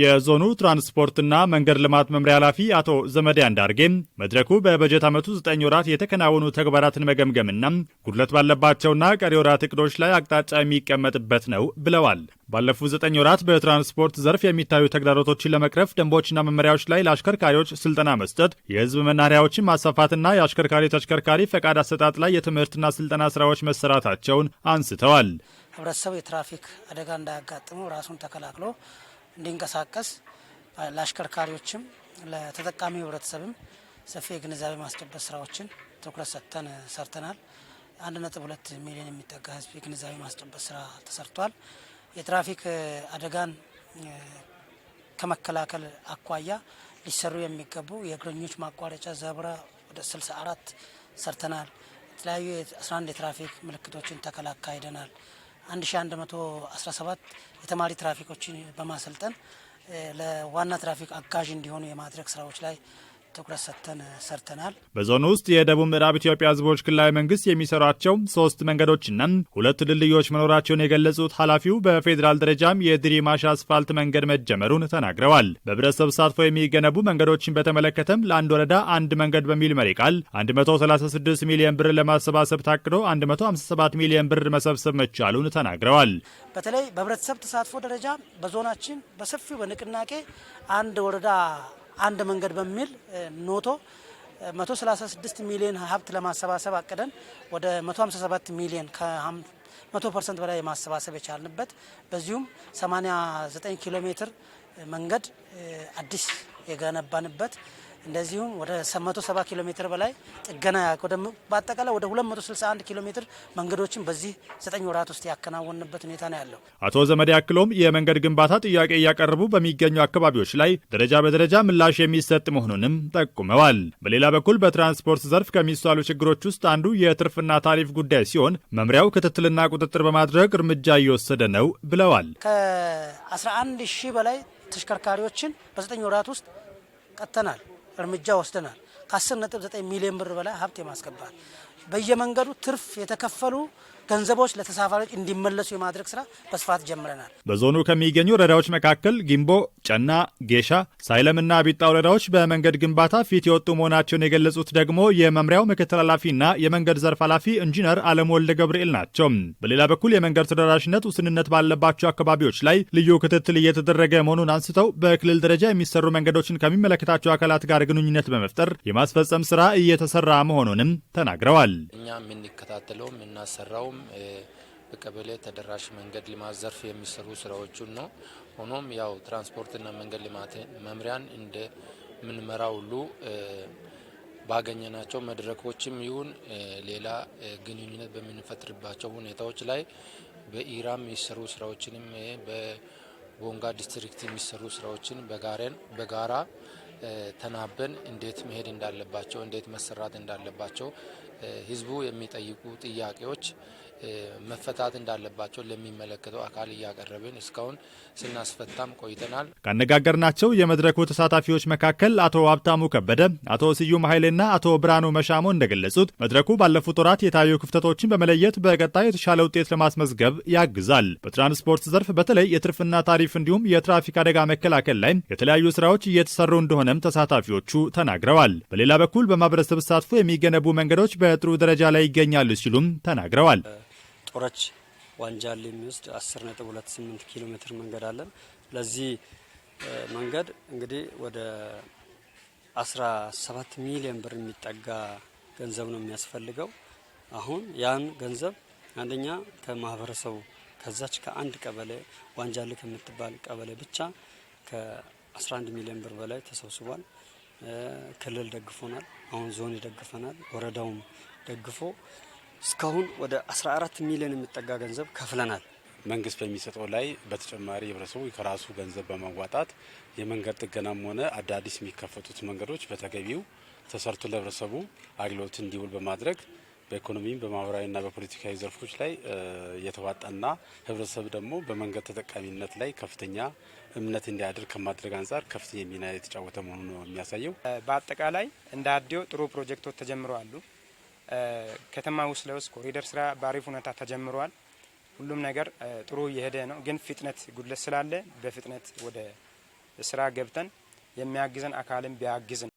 የዞኑ ትራንስፖርትና መንገድ ልማት መምሪያ ኃላፊ አቶ ዘመዴ አንዳርጌ መድረኩ በበጀት ዓመቱ 9 ወራት የተከናወኑ ተግባራትን መገምገምና ጉድለት ባለባቸውና ቀሪ ወራት እቅዶች ላይ አቅጣጫ የሚቀመጥበት ነው ብለዋል። ባለፉት ዘጠኝ ወራት በትራንስፖርት ዘርፍ የሚታዩ ተግዳሮቶችን ለመቅረፍ ደንቦችና መመሪያዎች ላይ ለአሽከርካሪዎች ስልጠና መስጠት፣ የህዝብ መናኸሪያዎችን ማስፋፋትና የአሽከርካሪ ተሽከርካሪ ፈቃድ አሰጣጥ ላይ የትምህርትና ስልጠና ስራዎች መሰራታቸውን አንስተዋል። ህብረተሰቡ የትራፊክ አደጋ እንዳያጋጥመው ራሱን ተከላክሎ እንዲንቀሳቀስ ለአሽከርካሪዎችም ለተጠቃሚ ህብረተሰብም ሰፊ የግንዛቤ ማስጨበጥ ስራዎችን ትኩረት ሰጥተን ሰርተናል። አንድ ነጥብ ሁለት ሚሊዮን የሚጠጋ ህዝብ የግንዛቤ ማስጨበጥ ስራ ተሰርቷል። የትራፊክ አደጋን ከመከላከል አኳያ ሊሰሩ የሚገቡ የእግረኞች ማቋረጫ ዘብራ ወደ 64 ሰርተናል። የተለያዩ 11 የትራፊክ ምልክቶችን ተከላካይደናል። 1117 የተማሪ ትራፊኮችን በማሰልጠን ለዋና ትራፊክ አጋዥ እንዲሆኑ የማድረግ ስራዎች ላይ ትኩረት ሰጥተን ሰርተናል። በዞኑ ውስጥ የደቡብ ምዕራብ ኢትዮጵያ ህዝቦች ክልላዊ መንግስት የሚሰሯቸው ሶስት መንገዶችና ሁለት ድልድዮች መኖራቸውን የገለጹት ኃላፊው በፌዴራል ደረጃም የድሪማሽ አስፋልት መንገድ መጀመሩን ተናግረዋል። በህብረተሰብ ተሳትፎ የሚገነቡ መንገዶችን በተመለከተም ለአንድ ወረዳ አንድ መንገድ በሚል መሪ ቃል 136 ሚሊዮን ብር ለማሰባሰብ ታቅዶ 157 ሚሊዮን ብር መሰብሰብ መቻሉን ተናግረዋል። በተለይ በህብረተሰብ ተሳትፎ ደረጃ በዞናችን በሰፊው በንቅናቄ አንድ ወረዳ አንድ መንገድ በሚል ኖቶ 136 ሚሊዮን ሀብት ለማሰባሰብ አቅደን ወደ 157 ሚሊዮን ከ100 ፐርሰንት በላይ ማሰባሰብ የቻልንበት በዚሁም 89 ኪሎ ሜትር መንገድ አዲስ የገነባንበት እንደዚሁም ወደ 170 ኪሎ ሜትር በላይ ጥገና በአጠቃላይ ወደ 261 ኪሎ ሜትር መንገዶችን በዚህ ዘጠኝ ወራት ውስጥ ያከናወንበት ሁኔታ ነው ያለው። አቶ ዘመድ ያክሎም የመንገድ ግንባታ ጥያቄ እያቀረቡ በሚገኙ አካባቢዎች ላይ ደረጃ በደረጃ ምላሽ የሚሰጥ መሆኑንም ጠቁመዋል። በሌላ በኩል በትራንስፖርት ዘርፍ ከሚሳሉ ችግሮች ውስጥ አንዱ የትርፍና ታሪፍ ጉዳይ ሲሆን መምሪያው ክትትልና ቁጥጥር በማድረግ እርምጃ እየወሰደ ነው ብለዋል። ከ11 ሺህ በላይ ተሽከርካሪዎችን በዘጠኝ ወራት ውስጥ ቀጥተናል። እርምጃ ወስደናል። ከ10.9 ሚሊዮን ብር በላይ ሀብት የማስገባት በየመንገዱ ትርፍ የተከፈሉ ገንዘቦች ለተሳፋሪዎች እንዲመለሱ የማድረግ ስራ በስፋት ጀምረናል። በዞኑ ከሚገኙ ወረዳዎች መካከል ጊምቦ፣ ጨና፣ ጌሻ፣ ሳይለምና አቢጣ ወረዳዎች በመንገድ ግንባታ ፊት የወጡ መሆናቸውን የገለጹት ደግሞ የመምሪያው ምክትል ኃላፊና የመንገድ ዘርፍ ኃላፊ ኢንጂነር አለም ወልደ ገብርኤል ናቸው። በሌላ በኩል የመንገድ ተደራሽነት ውስንነት ባለባቸው አካባቢዎች ላይ ልዩ ክትትል እየተደረገ መሆኑን አንስተው በክልል ደረጃ የሚሰሩ መንገዶችን ከሚመለከታቸው አካላት ጋር ግንኙነት በመፍጠር የማስፈጸም ስራ እየተሰራ መሆኑንም ተናግረዋል። ብለዋል። እኛ የምንከታተለው የምናሰራውም በቀበሌ ተደራሽ መንገድ ልማት ዘርፍ የሚሰሩ ስራዎቹን ነው። ሆኖም ያው ትራንስፖርትና መንገድ ልማት መምሪያን እንደ ምንመራ ሁሉ ባገኘናቸው መድረኮችም ይሁን ሌላ ግንኙነት በምንፈጥርባቸው ሁኔታዎች ላይ በኢራም የሚሰሩ ስራዎችንም በቦንጋ ዲስትሪክት የሚሰሩ ስራዎችን በጋረን በጋራ ተናበን እንዴት መሄድ እንዳለባቸው እንዴት መሰራት እንዳለባቸው ህዝቡ የሚጠይቁ ጥያቄዎች መፈታት እንዳለባቸው ለሚመለከተው አካል እያቀረብን እስካሁን ስናስፈታም ቆይተናል። ካነጋገርናቸው የመድረኩ ተሳታፊዎች መካከል አቶ ሀብታሙ ከበደ፣ አቶ ስዩም ኃይሌና አቶ ብርሃኑ መሻሞ እንደገለጹት መድረኩ ባለፉት ወራት የታዩ ክፍተቶችን በመለየት በቀጣይ የተሻለ ውጤት ለማስመዝገብ ያግዛል። በትራንስፖርት ዘርፍ በተለይ የትርፍና ታሪፍ እንዲሁም የትራፊክ አደጋ መከላከል ላይ የተለያዩ ስራዎች እየተሰሩ እንደሆነም ተሳታፊዎቹ ተናግረዋል። በሌላ በኩል በማህበረሰብ ተሳትፎ የሚገነቡ መንገዶች በ በጥሩ ደረጃ ላይ ይገኛሉ ሲሉም ተናግረዋል። ጦረች ዋንጃል የሚወስድ 10.28 ኪሎ ሜትር መንገድ አለን። ለዚህ መንገድ እንግዲህ ወደ 17 ሚሊዮን ብር የሚጠጋ ገንዘብ ነው የሚያስፈልገው። አሁን ያን ገንዘብ አንደኛ ከማህበረሰቡ ከዛች ከአንድ ቀበሌ ዋንጃሌ ከምትባል ቀበሌ ብቻ ከ11 ሚሊዮን ብር በላይ ተሰብስቧል። ክልል ደግፎናል። አሁን ዞን ይደግፈናል፣ ወረዳውም ደግፎ እስካሁን ወደ 14 ሚሊዮን የሚጠጋ ገንዘብ ከፍለናል። መንግስት በሚሰጠው ላይ በተጨማሪ ህብረተሰቡ ከራሱ ገንዘብ በማዋጣት የመንገድ ጥገናም ሆነ አዳዲስ የሚከፈቱት መንገዶች በተገቢው ተሰርቶ ለህብረተሰቡ አገልግሎት እንዲውል በማድረግ በኢኮኖሚም በማህበራዊና በፖለቲካዊ ዘርፎች ላይ የተዋጣና ህብረተሰብ ደግሞ በመንገድ ተጠቃሚነት ላይ ከፍተኛ እምነት እንዲያድር ከማድረግ አንጻር ከፍተኛ ሚና የተጫወተ መሆኑ ነው የሚያሳየው። በአጠቃላይ እንደ አዲዮ ጥሩ ፕሮጀክቶች ተጀምረዋሉ። ከተማ ውስጥ ለውስጥ ኮሪደር ስራ በአሪፍ ሁኔታ ተጀምረዋል። ሁሉም ነገር ጥሩ እየሄደ ነው። ግን ፍጥነት ጉድለት ስላለ በፍጥነት ወደ ስራ ገብተን የሚያግዘን አካልን ቢያግዝን